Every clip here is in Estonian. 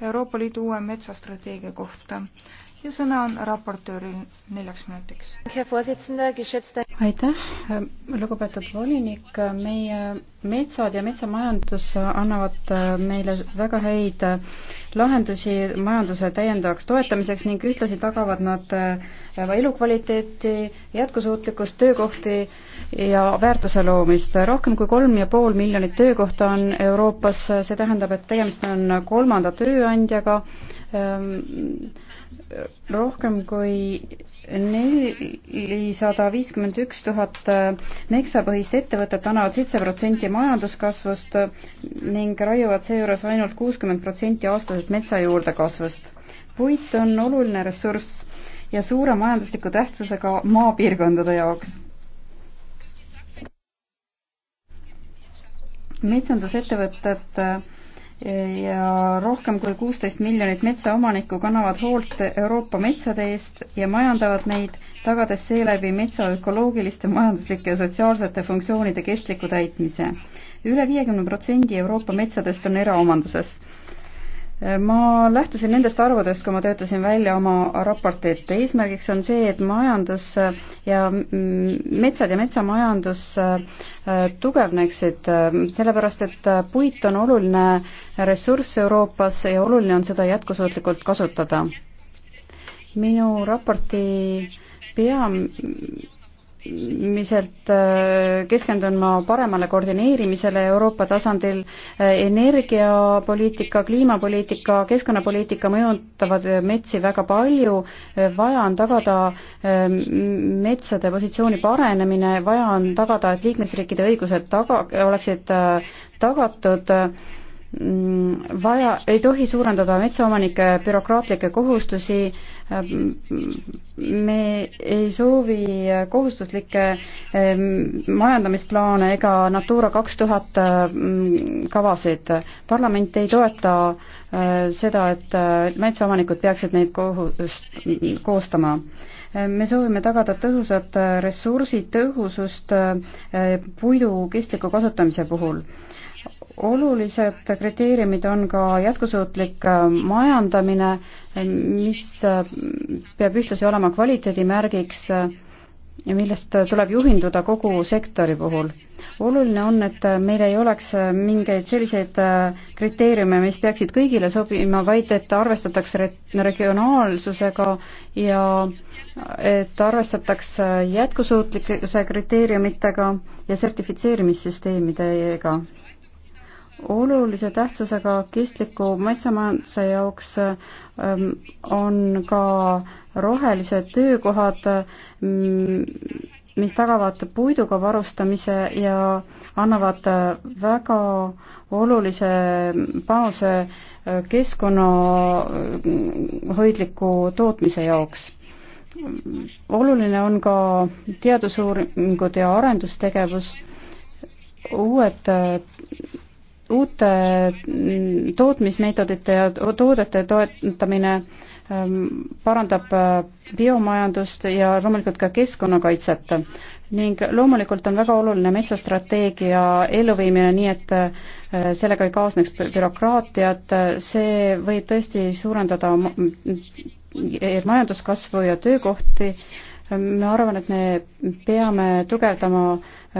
Euroopa Liidu uue metsastrateegia kohta ja sõna on raportööril neljaks minutiks. aitäh, lugupeetud volinik, meie metsad ja metsamajandus annavad meile väga häid lahendusi majanduse täiendavaks toetamiseks ning ühtlasi tagavad nad äh, elukvaliteeti, jätkusuutlikkust, töökohti ja väärtuse loomist. rohkem kui kolm ja pool miljonit töökohta on Euroopas, see tähendab, et tegemist on kolmanda tööandjaga, ehm, rohkem kui nelisada viiskümmend üks tuhat äh, meksapõhist ettevõtet annavad seitse protsenti majanduskasvust ning raiuvad seejuures ainult kuuskümmend protsenti aastasest metsa juurdekasvust. puit on oluline ressurss ja suure majandusliku tähtsusega maapiirkondade jaoks. metsandusettevõtted et äh, ja rohkem kui kuusteist miljonit metsaomanikku kannavad hoolt Euroopa metsade eest ja majandavad neid, tagades seeläbi metsa ökoloogiliste, majanduslike ja sotsiaalsete funktsioonide kestliku täitmise üle. üle viiekümne protsendi Euroopa metsadest on eraomanduses ma lähtusin nendest arvudest, kui ma töötasin välja oma raportit. eesmärgiks on see, et majandus ja metsad ja metsamajandus äh, tugevneksid, äh, sellepärast et äh, puit on oluline ressurss Euroopas ja oluline on seda jätkusuutlikult kasutada. minu raporti peam-, peamiselt äh, keskendun ma paremale koordineerimisele Euroopa tasandil. Äh, energiapoliitika, kliimapoliitika, keskkonnapoliitika mõjutavad metsi väga palju, äh, vaja on tagada metsade positsiooni paranemine, vaja on tagada, et liikmesriikide õigused taga, oleksid tagatud mm, vaja, ei tohi suurendada metsaomanike bürokraatlikke kohustusi äh,, me ei soovi kohustuslikke ehm, majandamisplaane ega Natura kaks tuhat ehm, kavasid. parlament ei toeta ehm, seda, et metsaomanikud peaksid neid kohust-, koostama me soovime tagada tõhusat ressursi tõhusust puidu kestliku kasutamise puhul olulised kriteeriumid on ka jätkusuutlik äh, majandamine, mis äh, peab ühtlasi olema kvaliteedimärgiks, äh, millest tuleb juhinduda kogu sektori puhul. oluline on, et meil ei oleks mingeid selliseid kriteeriume, mis peaksid kõigile sobima, vaid et arvestatakse regionaalsusega ja et arvestatakse jätkusuutlikkuse kriteeriumitega ja sertifitseerimissüsteemidega olulise tähtsusega kestliku metsamajanduse jaoks ähm, on ka rohelised töökohad, mm, mis tagavad puiduga varustamise ja annavad väga olulise panuse äh, keskkonnahoidliku tootmise jaoks oluline on ka teadusuuringud ja arendustegevus, uued äh, uute tootmismeetodite ja toodete toetamine ähm, parandab äh, biomajandust ja loomulikult ka keskkonnakaitset. ning loomulikult on väga oluline metsastrateegia elluviimine nii, et äh, sellega ei kaasneks bürokraatiat, see võib tõesti suurendada e-, majanduskasvu ja töökohti ma arvan, et me peame tugevdama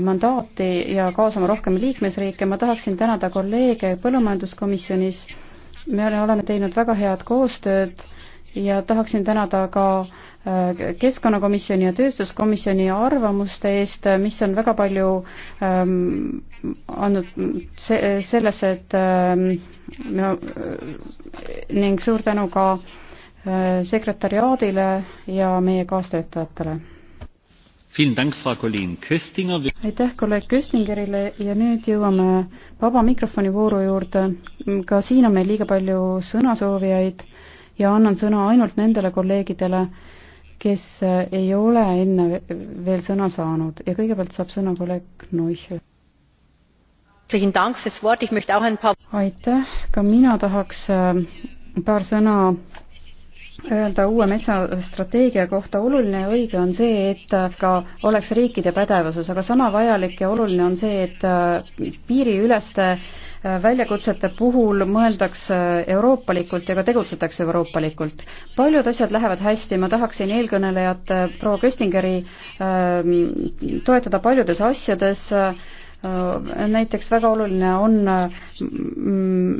mandaati ja kaasama rohkem liikmesriike, ma tahaksin tänada kolleege Põllumajanduskomisjonis, me oleme teinud väga head koostööd ja tahaksin tänada ka äh, Keskkonnakomisjoni ja Tööstuskomisjoni arvamuste eest, mis on väga palju ähm, andnud se sellesse, et ähm, no, äh, ning suur tänu ka äh, sekretariaadile ja meie kaastöötajatele. aitäh kolleeg Köstingerile ja nüüd jõuame vaba mikrofoni vooru juurde. ka siin on meil liiga palju sõnasoovijaid ja annan sõna ainult nendele kolleegidele, kes ei ole enne veel sõna saanud ja kõigepealt saab sõna kolleeg Noichel. aitäh, ka mina tahaks äh, paar sõna öelda uue metsastrateegia kohta, oluline ja õige on see, et ka oleks riikide pädevuses, aga sama vajalik ja oluline on see, et äh, piiriüleste äh, väljakutsete puhul mõeldakse euroopalikult ja ka tegutsetakse euroopalikult. paljud asjad lähevad hästi, ma tahaksin eelkõnelejat äh, proua Köstingeri ähm, toetada paljudes asjades äh,, Äh, näiteks väga oluline on äh,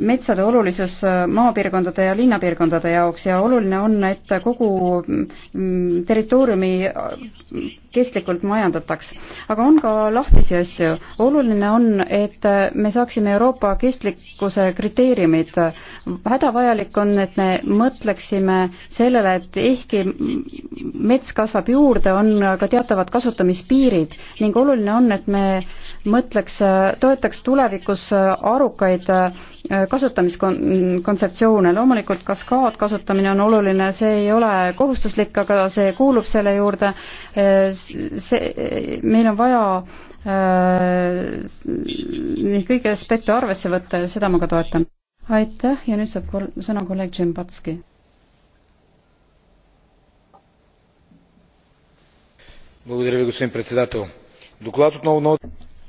metsade olulisus äh, maapiirkondade ja linnapiirkondade jaoks ja oluline on, et kogu territooriumi kestlikult majandataks. aga on ka lahtisi asju. oluline on, et me saaksime Euroopa kestlikkuse kriteeriumid. hädavajalik on, et me mõtleksime sellele, et ehkki mets kasvab juurde, on ka teatavad kasutamispiirid ning oluline on, et me mõtleks, toetaks tulevikus arukaid kasutamiskontseptsioone, loomulikult kaskaad kasutamine on oluline, see ei ole kohustuslik, aga see kuulub selle juurde, see, meil on vaja äh, neid kõiki aspekte arvesse võtta ja seda ma ka toetan. aitäh ja nüüd saab kol-, sõna kolleeg Džembatski.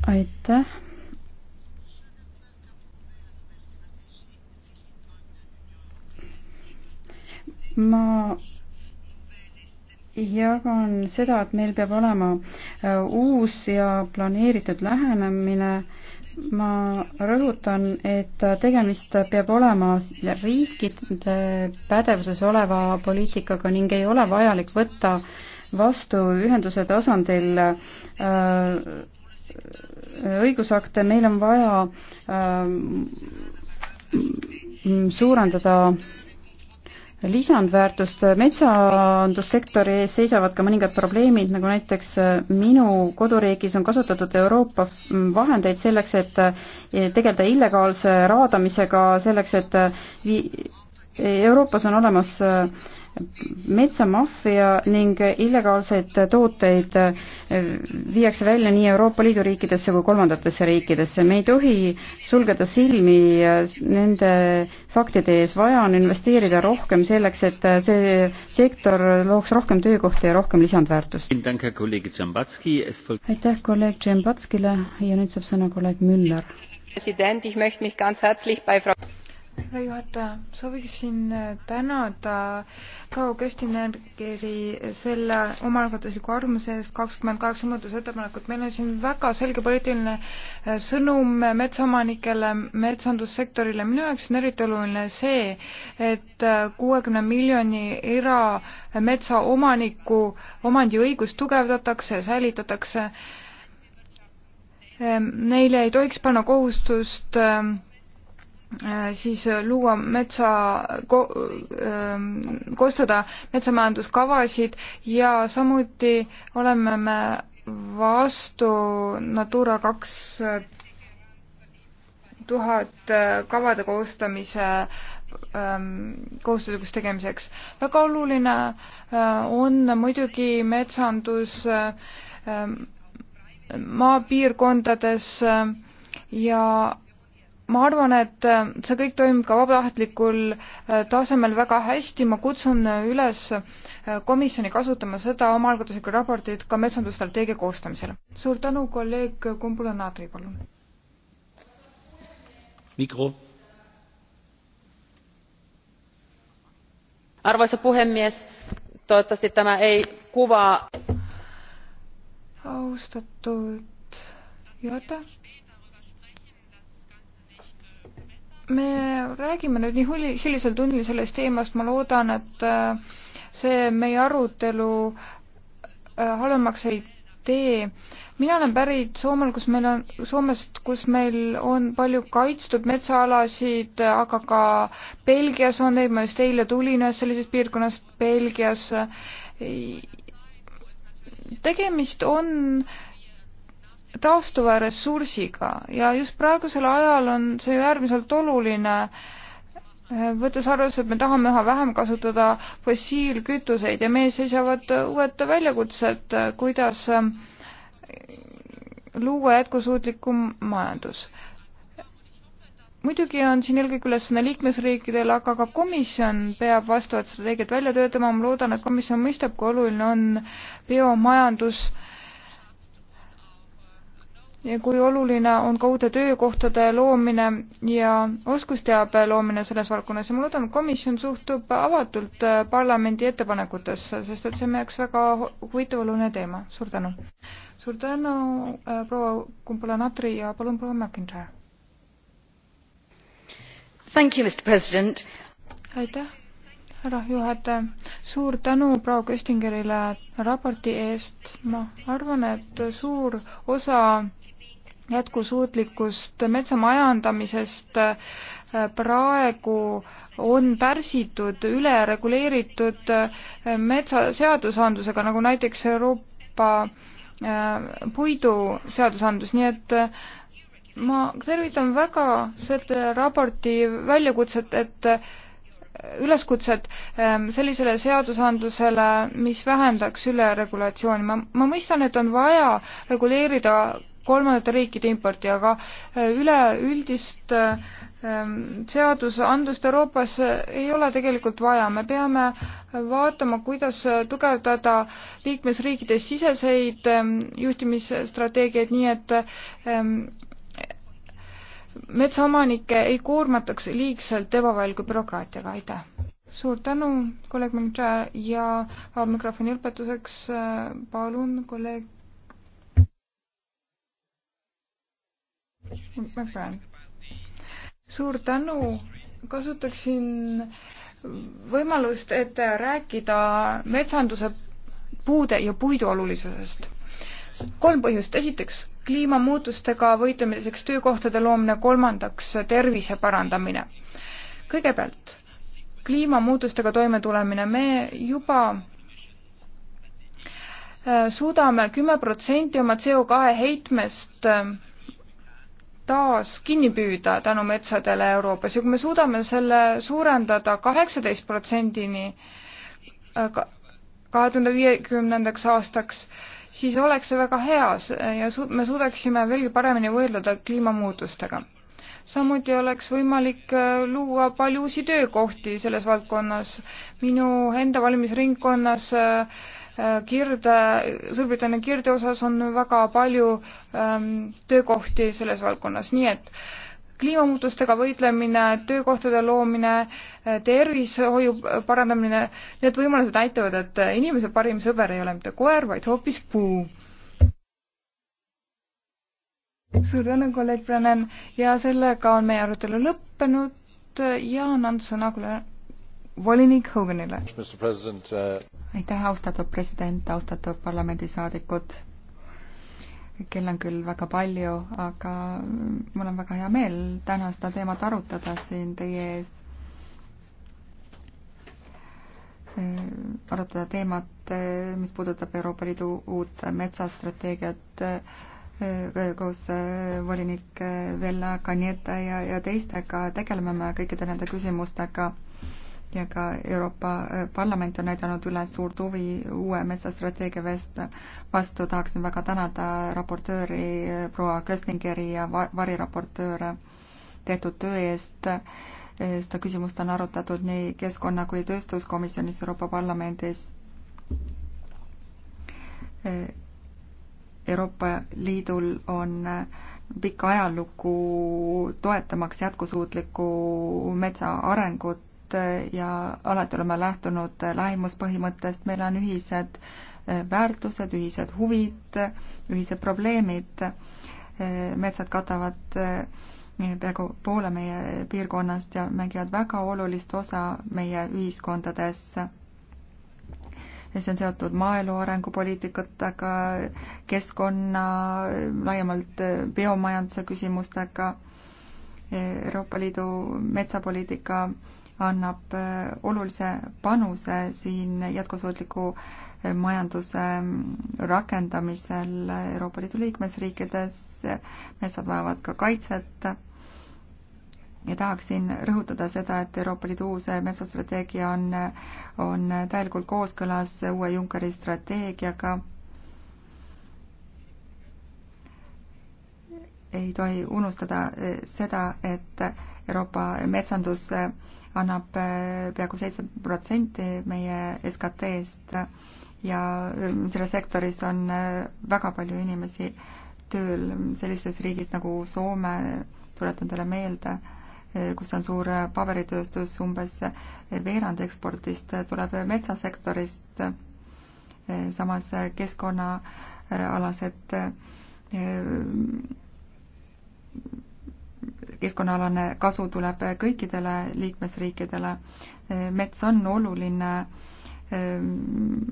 aitäh. ma jagan seda, et meil peab olema äh, uus ja planeeritud lähenemine. ma rõhutan, et äh, tegemist peab olema riikide pädevuses oleva poliitikaga ning ei ole vajalik võtta vastu ühenduse tasandil äh, õigusakte, meil on vaja suurendada lisandväärtust. metsandussektori ees seisavad ka mõningad probleemid, nagu näiteks äh, minu koduriigis on kasutatud Euroopa mm, vahendeid selleks, et äh, tegeleda illegaalse raadamisega, selleks et äh, Euroopas on olemas äh, metsamaffia ning illegaalseid tooteid äh, viiakse välja nii Euroopa Liidu riikidesse kui kolmandatesse riikidesse. me ei tohi sulgeda silmi äh, nende faktide ees, vaja on investeerida rohkem selleks, et äh, see sektor looks rohkem töökohti ja rohkem lisandväärtust. aitäh kolleeg Džembatskile ja nüüd saab sõna kolleeg Müller. president, ich möchte mich ganz herzlich bei Frau härra juhataja, sooviksin äh, tänada äh, proua Köstinergeri selle omaalgatusliku arvamuse eest, kakskümmend kaheksa muudatusettepanekut. meil on siin väga selge poliitiline äh, sõnum metsaomanikele, metsandussektorile. minu jaoks on eriti oluline see, et kuuekümne miljoni erametsaomaniku omandiõigust tugevdatakse, säilitatakse. Neile ei tohiks panna kohustust Äh, siis äh, luua metsa ko,, ähm, koostada metsamajanduskavasid ja samuti oleme me vastu Natura kaks tuhat äh, kavade koostamise ähm, kohustuslikuks tegemiseks. väga oluline on muidugi metsandus ähm, maapiirkondades ja ma arvan, et äh, see kõik toimub ka vabatahtlikul äh, tasemel väga hästi, ma kutsun äh, üles komisjoni kasutama seda omaalgatuslikku raportit ka metsandusstrateegia koostamisel. suur tänu, kolleeg Kumbula-Natri, palun. mikro. arvoisa puhemies, toivottavasti tämä ei kuvaa austatud juhataja me räägime nüüd nii huli, hilisel tunnil sellest teemast, ma loodan, et äh, see meie arutelu äh, halvemaks ei tee. mina olen pärit Soomel, kus meil on, Soomest, kus meil on palju kaitstud metsaalasid, aga ka Belgias on neid, ma just eile tulin ühest sellisest piirkonnast Belgias. tegemist on äh, taastuva ressursiga ja just praegusel ajal on see ju äärmiselt oluline, eh, võttes arvesse, et me tahame üha vähem kasutada fossiilkütuseid ja meie seisavad uued väljakutsed, kuidas eh, luua jätkusuutlikum majandus. muidugi on siin eelkõige ülesanne liikmesriikidel, aga ka komisjon peab vastavat strateegiat välja töötama, ma loodan, et komisjon mõistab, kui oluline on biomajandus äh, kui oluline on ka uute töökohtade loomine ja oskusteabe loomine selles valdkonnas ja ma loodan, et komisjon suhtub avatult äh, parlamendi ettepanekutesse, sest et see on meie jaoks väga huvitav oluline teema. suur tänu. suur tänu äh,, proua Kumpula-Natri ja palun, proua McIntyre. aitäh, härra juhataja. suur tänu proua Köstingerile raporti eest. ma arvan, et suur osa jätkusuutlikust metsamajandamisest äh, praegu on pärsitud ülereguleeritud äh, metsaseadusandlusega, nagu näiteks Euroopa äh, puiduseadusandlus, nii et ma tervitan väga selle raporti väljakutset, et üleskutset ähm, sellisele seadusandlusele, mis vähendaks üleregulatsiooni. ma, ma mõistan, et on vaja reguleerida kolmandate riikide importi, aga äh, üleüldist äh, ähm, seadusandlust Euroopas äh, ei ole tegelikult vaja, me peame vaatama, kuidas tugevdada liikmesriikide siseseid ähm, juhtimisstrateegiaid, nii et ähm, metsaomanikke ei koormataks liigselt ebavajaliku bürokraatiaga, aitäh! suur tänu, kolleeg Mingja ja mikrofoni lõpetuseks palun kolleeg suur tänu, kasutaksin võimalust, et rääkida metsanduse puude ja puidu olulisusest. kolm põhjust, esiteks kliimamuutustega võitlemiseks töökohtade loomine, kolmandaks tervise parandamine. kõigepealt kliimamuutustega toimetulemine, me juba äh, suudame kümme protsenti oma CO2 heitmest äh, taas kinni püüda tänu metsadele Euroopas ja kui me suudame selle suurendada kaheksateist protsendini äh, kahe tuhande viiekümnendaks aastaks, siis oleks see väga hea ja su-, me suudaksime veelgi paremini võidelda kliimamuutustega. samuti oleks võimalik äh, luua palju uusi töökohti selles valdkonnas. minu enda valimisringkonnas äh, kirde, Suurbritannia kirde osas on väga palju ähm, töökohti selles valdkonnas, nii et kliimamuutustega võitlemine, töökohtade loomine, äh, tervishoiu parandamine, need võimalused näitavad, et inimese parim sõber ei ole mitte koer, vaid hoopis puu suur tänu, kolleeg Brennan ja sellega on meie arutelu lõppenud ja annan sõna kolleeg volinik Hoganile. Uh, aitäh, austatud president, austatud parlamendisaadikud. kell on küll väga palju, aga mul on väga hea meel täna seda teemat arutada siin teie ees. arutada teemat, mis puudutab Euroopa Liidu uut metsastrateegiat eh, koos eh, volinik eh, Vella Kanieta ja, ja teistega tegeleme me kõikide nende küsimustega ja ka Euroopa äh, Parlament on näidanud üles suurt huvi uue metsastrateegia vastu. tahaksin väga tänada raportööri äh, proua Köstingeri ja variraportööre tehtud töö eest. Äh, seda küsimust on arutatud nii keskkonna kui tööstuskomisjonis Euroopa Parlamendis. Euroopa Liidul on pikka ajalugu toetamaks jätkusuutlikku metsa arengut poolt eh, ja alati oleme lähtunud eh, lähimuspõhimõttest, meil on ühised eh, väärtused, ühised huvid, ühised probleemid. metsad katavad peaaegu poole meie piirkonnast ja mängivad väga olulist osa meie ühiskondades. see on seotud maaelu arengupoliitikatega, keskkonna, laiemalt biomajanduse küsimustega Euroopa Liidu metsapoliitika annab äh, olulise panuse siin jätkusuutliku äh, majanduse mm, rakendamisel Euroopa Liidu liikmesriikides. metsad vajavad ka kaitset. ja tahaksin rõhutada seda, et Euroopa Liidu uus metsastrateegia on, on täielikult kooskõlas uue Junckeri strateegiaga ei tohi unustada äh, seda, et Euroopa metsandus annab äh, peaaegu seitse protsenti meie SKT-st ja äh, selles sektoris on äh, väga palju inimesi tööl sellises riigis nagu Soome, tuletan teile meelde, kus on suur paberitööstus, umbes veerand ekspordist tuleb metsasektorist, samas keskkonnaalased keskkonnaalane kasu tuleb kõikidele liikmesriikidele. mets on oluline ehm,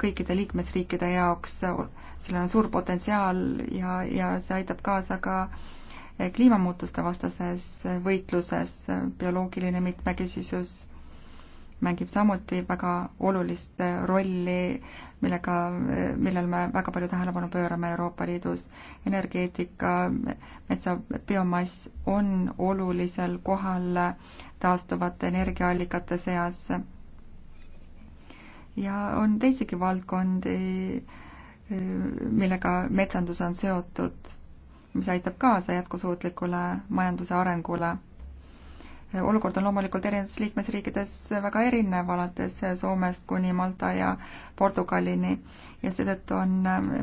kõikide liikmesriikide jaoks, sellel on suur potentsiaal ja, ja see aitab kaasa ka kliimamuutuste vastases võitluses, bioloogiline mitmekesisus mängib samuti väga olulist rolli, millega, millel me väga palju tähelepanu pöörame Euroopa Liidus. energeetika, metsa biomass on olulisel kohal taastuvate energiaallikate seas. ja on teisigi valdkondi, millega metsandus on seotud, mis aitab kaasa jätkusuutlikule majanduse arengule olukord on loomulikult erinevates liikmesriikides väga erinev, alates Soomest kuni Malta ja Portugalini ja seetõttu on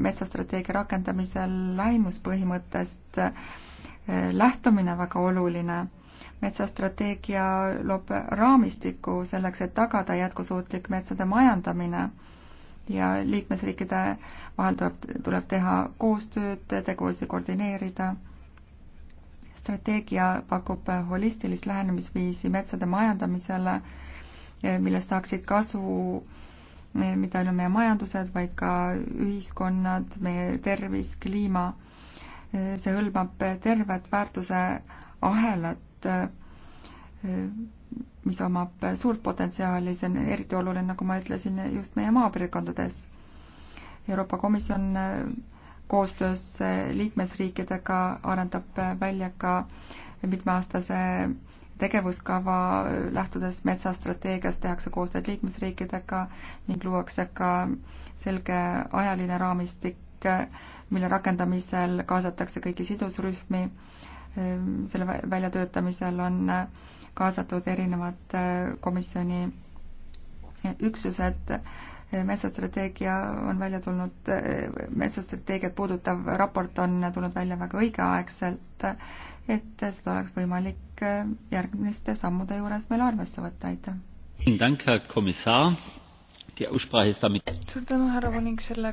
metsastrateegia rakendamisel lähimuspõhimõttest eh, lähtumine väga oluline. metsastrateegia loob raamistiku selleks, et tagada jätkusuutlik metsade majandamine ja liikmesriikide vahel tuleb, tuleb teha koostööd, tegevusi koordineerida strateegia pakub holistilist lähenemisviisi metsade majandamisele, millest saaksid kasu eh, mitte ainult meie majandused, vaid ka ühiskonnad, meie tervis, kliima. Eh, see hõlmab tervet väärtuse ahelat, eh, mis omab suurt potentsiaali, see on eriti oluline, nagu ma ütlesin, just meie maapiirkondades. Euroopa Komisjon koostöös liikmesriikidega arendab välja ka mitmeaastase tegevuskava, lähtudes metsastrateegiast tehakse koostööd liikmesriikidega ning luuakse ka selge ajaline raamistik, mille rakendamisel kaasatakse kõiki sidusrühmi. selle väljatöötamisel on kaasatud erinevad komisjoni üksused metsastrateegia on välja tulnud, metsastrateegiat puudutav raport on tulnud välja väga õigeaegselt, et seda oleks võimalik järgmiste sammude juures meil arvesse võtta, aitäh. suur tänu, härra Voning, selle